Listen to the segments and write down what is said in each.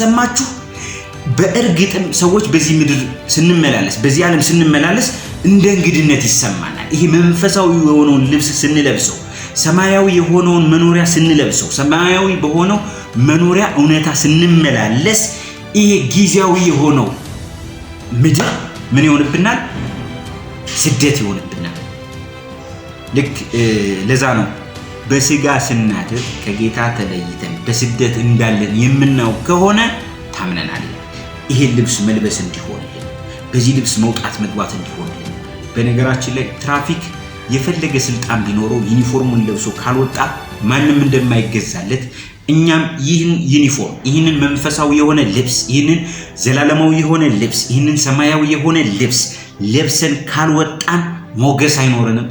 ሰማችሁ። በእርግጥም ሰዎች በዚህ ምድር ስንመላለስ በዚህ ዓለም ስንመላለስ እንደ እንግድነት ይሰማናል። ይሄ መንፈሳዊ የሆነውን ልብስ ስንለብሰው፣ ሰማያዊ የሆነውን መኖሪያ ስንለብሰው፣ ሰማያዊ በሆነው መኖሪያ እውነታ ስንመላለስ፣ ይሄ ጊዜያዊ የሆነው ምድር ምን ይሆንብናል? ስደት ይሆንብናል። ልክ ለዛ ነው በስጋ ስናድር ከጌታ ተለይተን በስደት እንዳለን የምናውቅ ከሆነ ታምነናል። ይሄን ልብስ መልበስ እንዲሆንልን፣ በዚህ ልብስ መውጣት መግባት እንዲሆንልን። በነገራችን ላይ ትራፊክ የፈለገ ስልጣን ቢኖረው ዩኒፎርሙን ለብሶ ካልወጣ ማንም እንደማይገዛለት እኛም ይህን ዩኒፎርም ይህንን መንፈሳዊ የሆነ ልብስ ይህንን ዘላለማዊ የሆነ ልብስ ይህንን ሰማያዊ የሆነ ልብስ ለብሰን ካልወጣን ሞገስ አይኖረንም።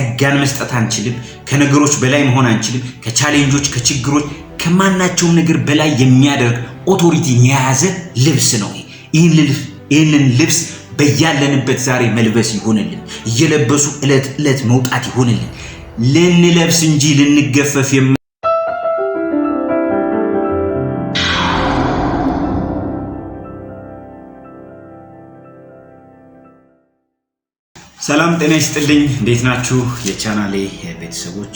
ጸጋን መስጠት አንችልም። ከነገሮች በላይ መሆን አንችልም። ከቻሌንጆች፣ ከችግሮች፣ ከማናቸውም ነገር በላይ የሚያደርግ ኦቶሪቲን የያዘ ልብስ ነው። ይህንን ልብስ በያለንበት ዛሬ መልበስ ይሆንልን። እየለበሱ ዕለት ዕለት መውጣት ይሆንልን። ልንለብስ እንጂ ልንገፈፍ ጤና ይስጥልኝ። እንዴት ናችሁ? የቻናሌ ቤተሰቦች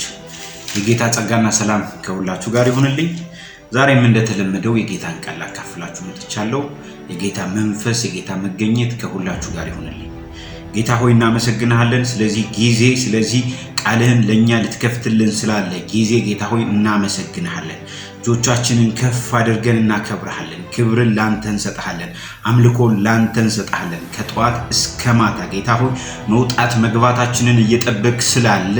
የጌታ ጸጋና ሰላም ከሁላችሁ ጋር ይሁንልኝ። ዛሬም እንደተለመደው የጌታን ቃል ላካፍላችሁ መጥቻለሁ። የጌታ መንፈስ የጌታ መገኘት ከሁላችሁ ጋር ይሁንልኝ። ጌታ ሆይ እናመሰግንሃለን፣ ስለዚህ ጊዜ፣ ስለዚህ ቃልህን ለእኛ ልትከፍትልን ስላለ ጊዜ ጌታ ሆይ እናመሰግንሃለን። እጆቻችንን ከፍ አድርገን እናከብረሃለን። ክብርን ላንተ እንሰጥሃለን። አምልኮን ላንተ እንሰጥሃለን። ከጠዋት እስከ ማታ ጌታ ሆይ መውጣት መግባታችንን እየጠበቅ ስላለ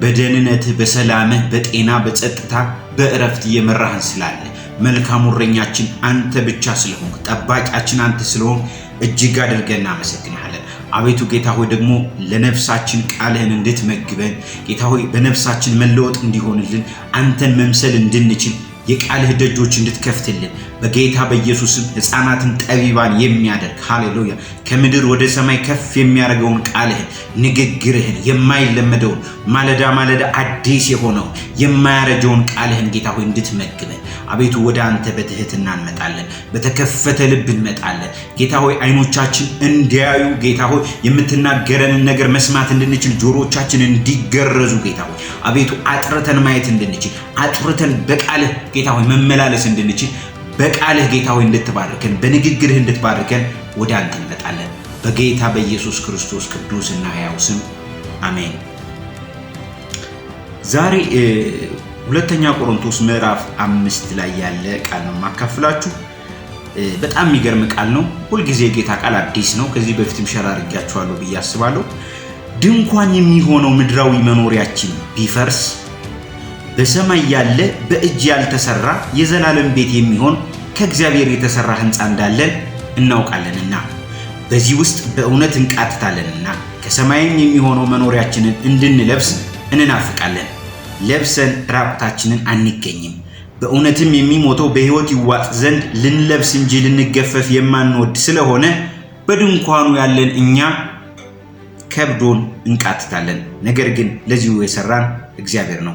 በደህንነትህ፣ በሰላምህ፣ በጤና፣ በጸጥታ፣ በእረፍት እየመራህን ስላለ መልካሙ እረኛችን አንተ ብቻ ስለሆንክ ጠባቂያችን አንተ ስለሆንክ እጅግ አድርገን እናመሰግንሃለን። አቤቱ ጌታ ሆይ ደግሞ ለነፍሳችን ቃልህን እንድትመግበን ጌታ ሆይ በነፍሳችን መለወጥ እንዲሆንልን አንተን መምሰል እንድንችል የቃልህ ደጆች እንድትከፍትልን በጌታ በኢየሱስም ሕፃናትን ጠቢባን የሚያደርግ ሃሌሉያ ከምድር ወደ ሰማይ ከፍ የሚያደርገውን ቃልህን፣ ንግግርህን፣ የማይለመደውን ማለዳ ማለዳ አዲስ የሆነውን የማያረጀውን ቃልህን ጌታ ሆይ እንድትመግበን አቤቱ ወደ አንተ በትህትና እንመጣለን፣ በተከፈተ ልብ እንመጣለን። ጌታ ሆይ አይኖቻችን እንዲያዩ፣ ጌታ ሆይ የምትናገረንን ነገር መስማት እንድንችል ጆሮቻችን እንዲገረዙ፣ ጌታ ሆይ አቤቱ አጥርተን ማየት እንድንችል፣ አጥርተን በቃልህ ጌታ ሆይ መመላለስ እንድንችል፣ በቃልህ ጌታ ሆይ እንድትባርከን፣ በንግግርህ እንድትባርከን ወደ አንተ እንመጣለን። በጌታ በኢየሱስ ክርስቶስ ቅዱስና ሕያው ስም አሜን። ዛሬ ሁለተኛ ቆሮንቶስ ምዕራፍ አምስት ላይ ያለ ቃል ነው የማካፍላችሁ። በጣም የሚገርም ቃል ነው። ሁልጊዜ የጌታ ቃል አዲስ ነው። ከዚህ በፊትም ሸራ አድርጌያችኋለሁ ብዬ አስባለሁ። ድንኳን የሚሆነው ምድራዊ መኖሪያችን ቢፈርስ በሰማይ ያለ በእጅ ያልተሰራ የዘላለም ቤት የሚሆን ከእግዚአብሔር የተሰራ ሕንፃ እንዳለን እናውቃለንና በዚህ ውስጥ በእውነት እንቃትታለንና ከሰማይም የሚሆነው መኖሪያችንን እንድንለብስ እንናፍቃለን። ለብሰን ራቁታችንን አንገኝም። በእውነትም የሚሞተው በሕይወት ይዋጥ ዘንድ ልንለብስ እንጂ ልንገፈፍ የማንወድ ስለሆነ በድንኳኑ ያለን እኛ ከብዶን እንቃትታለን። ነገር ግን ለዚሁ የሰራን እግዚአብሔር ነው፣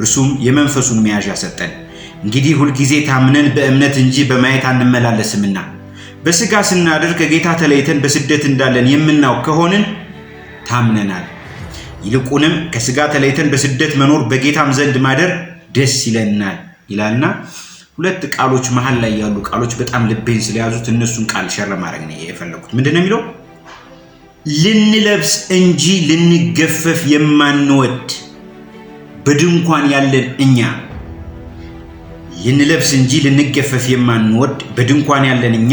እርሱም የመንፈሱን መያዣ ሰጠን። እንግዲህ ሁልጊዜ ታምነን በእምነት እንጂ በማየት አንመላለስምና በሥጋ ስናደር ከጌታ ተለይተን በስደት እንዳለን የምናውቅ ከሆንን ታምነናል ይልቁንም ከስጋ ተለይተን በስደት መኖር በጌታም ዘንድ ማደር ደስ ይለናል ይላልና ሁለት ቃሎች መሀል ላይ ያሉ ቃሎች በጣም ልቤን ስለያዙት እነሱን ቃል ሸር ማድረግ ነው የፈለጉት። ምንድን ነው የሚለው? ልንለብስ እንጂ ልንገፈፍ የማንወድ በድንኳን ያለን እኛ ልንለብስ እንጂ ልንገፈፍ የማንወድ በድንኳን ያለን እኛ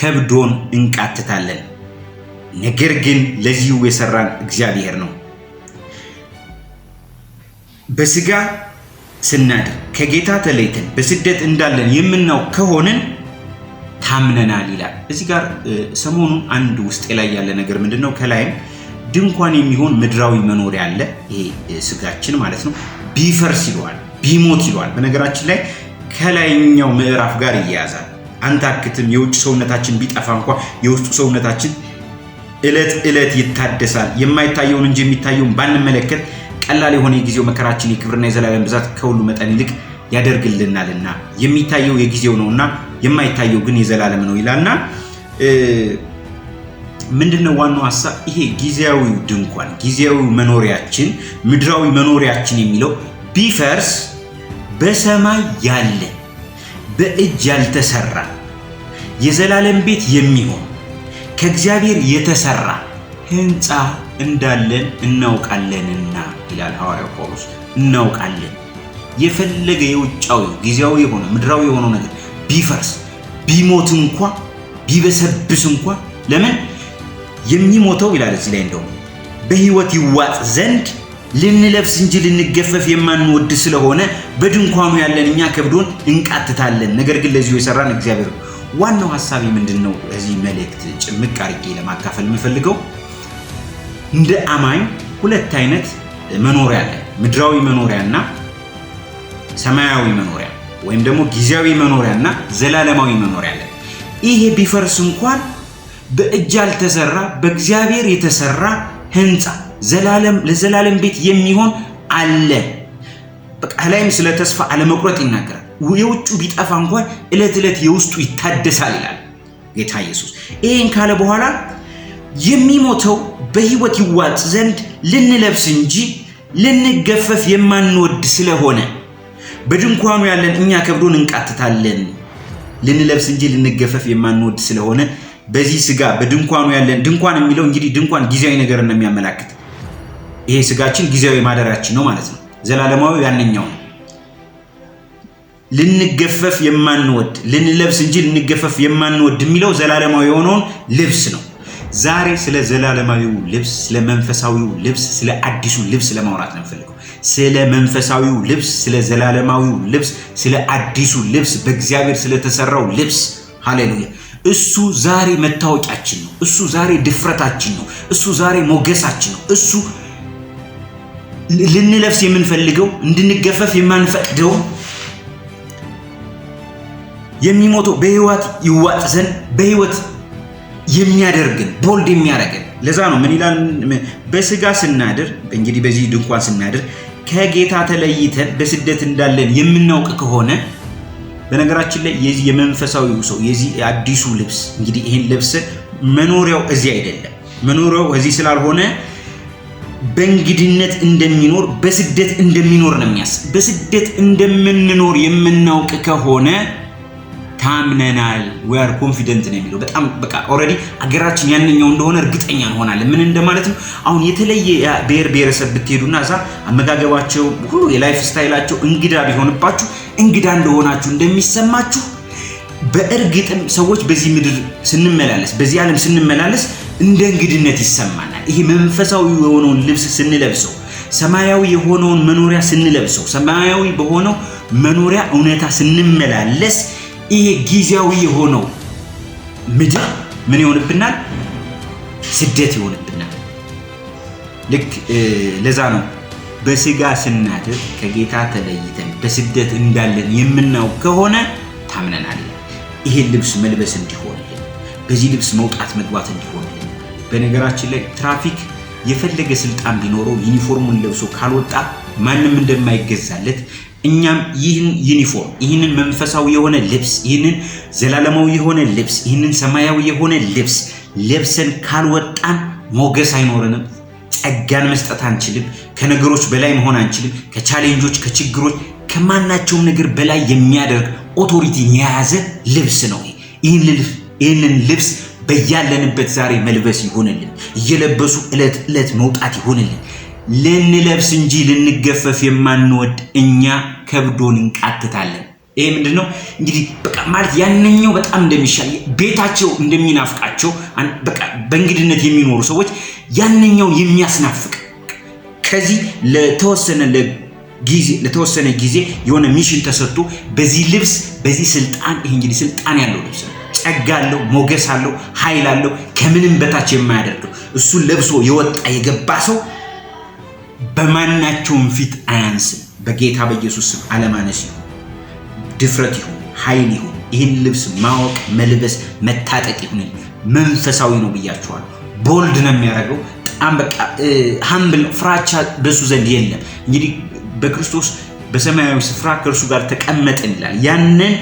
ከብዶን እንቃትታለን። ነገር ግን ለዚሁ የሰራን እግዚአብሔር ነው። በስጋ ስናድር ከጌታ ተለይተን በስደት እንዳለን የምናውቅ ከሆንን ታምነናል ይላል። እዚህ ጋር ሰሞኑን አንድ ውስጤ ላይ ያለ ነገር ምንድን ነው? ከላይም ድንኳን የሚሆን ምድራዊ መኖሪያ አለ፣ ይሄ ስጋችን ማለት ነው። ቢፈርስ ይለዋል፣ ቢሞት ይለዋል። በነገራችን ላይ ከላይኛው ምዕራፍ ጋር ይያያዛል። አንታክትም፣ የውጭ ሰውነታችን ቢጠፋ እንኳ የውስጡ ሰውነታችን ዕለት ዕለት ይታደሳል። የማይታየውን እንጂ የሚታየውን ባንመለከት ቀላል የሆነ የጊዜው መከራችን የክብርና የዘላለም ብዛት ከሁሉ መጠን ይልቅ ያደርግልናልና የሚታየው የጊዜው ነውና የማይታየው ግን የዘላለም ነው ይላልና ምንድነው ዋናው ሀሳብ? ይሄ ጊዜያዊ ድንኳን ጊዜያዊ መኖሪያችን ምድራዊ መኖሪያችን የሚለው ቢፈርስ በሰማይ ያለ በእጅ ያልተሰራ የዘላለም ቤት የሚሆን ከእግዚአብሔር የተሰራ ህንፃ እንዳለን እናውቃለንና ይላል ሐዋርያው ጳውሎስ። እናውቃለን የፈለገ የውጫዊ ጊዜያዊ የሆነ ምድራዊ የሆነው ነገር ቢፈርስ ቢሞት እንኳ ቢበሰብስ እንኳ ለምን የሚሞተው ይላል እዚህ ላይ እንደውም በሕይወት ይዋጥ ዘንድ ልንለብስ እንጂ ልንገፈፍ የማንወድ ስለሆነ በድንኳኑ ያለን እኛ ከብዶን እንቃትታለን። ነገር ግን ለዚሁ የሰራን እግዚአብሔር። ዋናው ሀሳቤ ምንድን ነው? እዚህ መልእክት ጭምቅ አድርጌ ለማካፈል የምፈልገው እንደ አማኝ ሁለት አይነት መኖሪያ ላይ ምድራዊ መኖሪያና ሰማያዊ መኖሪያ ወይም ደግሞ ጊዜያዊ መኖሪያና ዘላለማዊ መኖሪያ ላይ ይሄ ቢፈርስ እንኳን በእጅ ያልተሰራ በእግዚአብሔር የተሰራ ህንፃ ዘላለም ለዘላለም ቤት የሚሆን አለ። በቃ ላይም ስለ ተስፋ አለመቁረጥ ይናገራል። የውጩ ቢጠፋ እንኳን ዕለት ዕለት የውስጡ ይታደሳል ይላል ጌታ ኢየሱስ። ይህን ካለ በኋላ የሚሞተው በሕይወት ይዋጥ ዘንድ ልንለብስ እንጂ ልንገፈፍ የማንወድ ስለሆነ በድንኳኑ ያለን እኛ ከብዶን እንቃትታለን። ልንለብስ እንጂ ልንገፈፍ የማንወድ ስለሆነ በዚህ ስጋ በድንኳኑ ያለን ድንኳን የሚለው እንግዲህ ድንኳን ጊዜያዊ ነገር ነው የሚያመላክት። ይሄ ስጋችን ጊዜያዊ ማደሪያችን ነው ማለት ነው። ዘላለማዊ ያንኛው ነው። ልንገፈፍ የማንወድ ልንለብስ እንጂ ልንገፈፍ የማንወድ የሚለው ዘላለማዊ የሆነውን ልብስ ነው። ዛሬ ስለ ዘላለማዊው ልብስ፣ ስለ መንፈሳዊው ልብስ፣ ስለ አዲሱ ልብስ ለማውራት ነው የምፈልገው። ስለ መንፈሳዊው ልብስ፣ ስለ ዘላለማዊው ልብስ፣ ስለ አዲሱ ልብስ፣ በእግዚአብሔር ስለተሰራው ልብስ። ሃሌሉያ! እሱ ዛሬ መታወቂያችን ነው። እሱ ዛሬ ድፍረታችን ነው። እሱ ዛሬ ሞገሳችን ነው። እሱ ልንለብስ የምንፈልገው እንድንገፈፍ የማንፈቅደው የሚሞተው በህይወት ይዋጥ ዘንድ በህይወት የሚያደርግን ቦልድ የሚያደርግን ለዛ ነው ምን ይላል? በስጋ ስናድር እንግዲህ በዚህ ድንኳን ስናድር ከጌታ ተለይተን በስደት እንዳለን የምናውቅ ከሆነ በነገራችን ላይ የዚህ የመንፈሳዊ ሰው የዚህ አዲሱ ልብስ እንግዲህ ይህን ልብስ መኖሪያው እዚህ አይደለም። መኖሪያው እዚህ ስላልሆነ በእንግድነት እንደሚኖር በስደት እንደሚኖር ነው የሚያስ በስደት እንደምንኖር የምናውቅ ከሆነ ታምነናል ዊያር ኮንፊደንት ነው የሚለው በጣም በቃ ኦልሬዲ አገራችን ያንኛው እንደሆነ እርግጠኛ እንሆናለን። ምን እንደማለት ነው? አሁን የተለየ ብሔር ብሔረሰብ ብትሄዱና እዛ አመጋገባቸው ሁሉ የላይፍ ስታይላቸው እንግዳ ቢሆንባችሁ እንግዳ እንደሆናችሁ እንደሚሰማችሁ በእርግጥም ሰዎች በዚህ ምድር ስንመላለስ በዚህ ዓለም ስንመላለስ እንደ እንግድነት ይሰማናል። ይሄ መንፈሳዊ የሆነውን ልብስ ስንለብሰው ሰማያዊ የሆነውን መኖሪያ ስንለብሰው ሰማያዊ በሆነው መኖሪያ እውነታ ስንመላለስ ይሄ ጊዜያዊ የሆነው ምድር ምን ይሆንብናል? ስደት ይሆንብናል። ልክ ለዛ ነው በስጋ ስናድር ከጌታ ተለይተን በስደት እንዳለን የምናውቅ ከሆነ ታምነናል። ይሄን ልብስ መልበስ እንዲሆንልን፣ በዚህ ልብስ መውጣት መግባት እንዲሆንልን። በነገራችን ላይ ትራፊክ የፈለገ ስልጣን ቢኖረው ዩኒፎርሙን ለብሶ ካልወጣ ማንም እንደማይገዛለት እኛም ይህን ዩኒፎርም ይህንን መንፈሳዊ የሆነ ልብስ ይህንን ዘላለማዊ የሆነ ልብስ ይህንን ሰማያዊ የሆነ ልብስ ለብሰን ካልወጣን ሞገስ አይኖረንም። ጸጋን መስጠት አንችልም። ከነገሮች በላይ መሆን አንችልም። ከቻሌንጆች፣ ከችግሮች፣ ከማናቸውም ነገር በላይ የሚያደርግ ኦቶሪቲን የያዘ ልብስ ነው። ይህንን ልብስ በያለንበት ዛሬ መልበስ ይሆንልን። እየለበሱ ዕለት ዕለት መውጣት ይሆንልን። ልንለብስ እንጂ ልንገፈፍ የማንወድ እኛ ከብዶን እንቃትታለን። ይሄ ምንድን ነው እንግዲህ በቃ ማለት ያንኛው በጣም እንደሚሻል ቤታቸው እንደሚናፍቃቸው በቃ በእንግድነት የሚኖሩ ሰዎች ያንኛው የሚያስናፍቅ ከዚህ ለተወሰነ ጊዜ ለተወሰነ ጊዜ የሆነ ሚሽን ተሰጥቶ በዚህ ልብስ በዚህ ስልጣን ይሄ እንግዲህ ስልጣን ያለው ልብስ ነው። ጸጋ አለው፣ ሞገስ አለው፣ ኃይል አለው፣ ከምንም በታች የማያደርገው እሱን ለብሶ የወጣ የገባ ሰው በማናቸውም ፊት አያንስም። በጌታ በኢየሱስ ስም አለማነስ ይሁን፣ ድፍረት ይሁን፣ ኃይል ይሁን። ይህን ልብስ ማወቅ፣ መልበስ፣ መታጠቅ ይሁን። መንፈሳዊ ነው ብያቸዋል። ቦልድ ነው የሚያደርገው። በጣም በቃ ሀምብል ነው። ፍራቻ በሱ ዘንድ የለም። እንግዲህ በክርስቶስ በሰማያዊ ስፍራ ከእርሱ ጋር ተቀመጥን ይላል። ያንን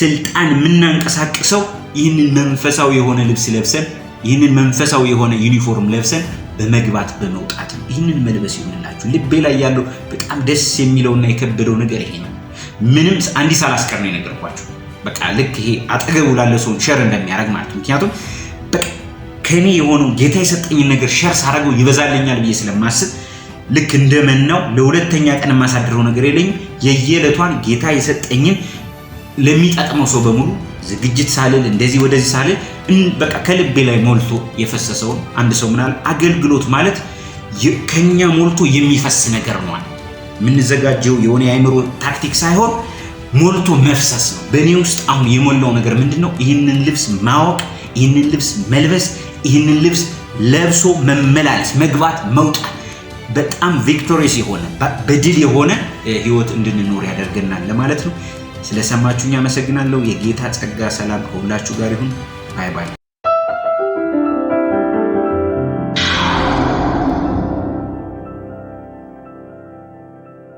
ስልጣን የምናንቀሳቅሰው ይህንን መንፈሳዊ የሆነ ልብስ ለብሰን ይህንን መንፈሳዊ የሆነ ዩኒፎርም ለብሰን በመግባት በመውጣት ይህንን መልበስ ይሆንላችሁ። ልቤ ላይ ያለው በጣም ደስ የሚለውና የከበደው ነገር ይሄ ነው። ምንም አንዲት ሳላስቀር ነው የነገርኳቸው። በቃ ልክ ይሄ አጠገቡ ላለ ሰውን ሸር እንደሚያደርግ ማለት ነው። ምክንያቱም ከእኔ የሆነው ጌታ የሰጠኝን ነገር ሸር ሳደርገው ይበዛልኛል ብዬ ስለማስብ ልክ እንደመናው ለሁለተኛ ቀን የማሳድረው ነገር የለኝም። የየዕለቷን ጌታ የሰጠኝን ለሚጠቅመው ሰው በሙሉ ዝግጅት ሳልል እንደዚህ ወደዚህ ሳልል በቃ ከልቤ ላይ ሞልቶ የፈሰሰውን አንድ ሰው ምናል አገልግሎት ማለት ከኛ ሞልቶ የሚፈስ ነገር ነው። የምንዘጋጀው የሆነ የአይምሮ ታክቲክ ሳይሆን ሞልቶ መፍሰስ ነው። በእኔ ውስጥ አሁን የሞላው ነገር ምንድን ነው? ይህንን ልብስ ማወቅ፣ ይህንን ልብስ መልበስ፣ ይህንን ልብስ ለብሶ መመላለስ፣ መግባት፣ መውጣት በጣም ቪክቶሪየስ የሆነ በድል የሆነ ህይወት እንድንኖር ያደርገናል ለማለት ነው። ስለሰማችሁኝ አመሰግናለሁ። የጌታ ጸጋ ሰላም ከሁላችሁ ጋር ይሁን። ባይ ባይ።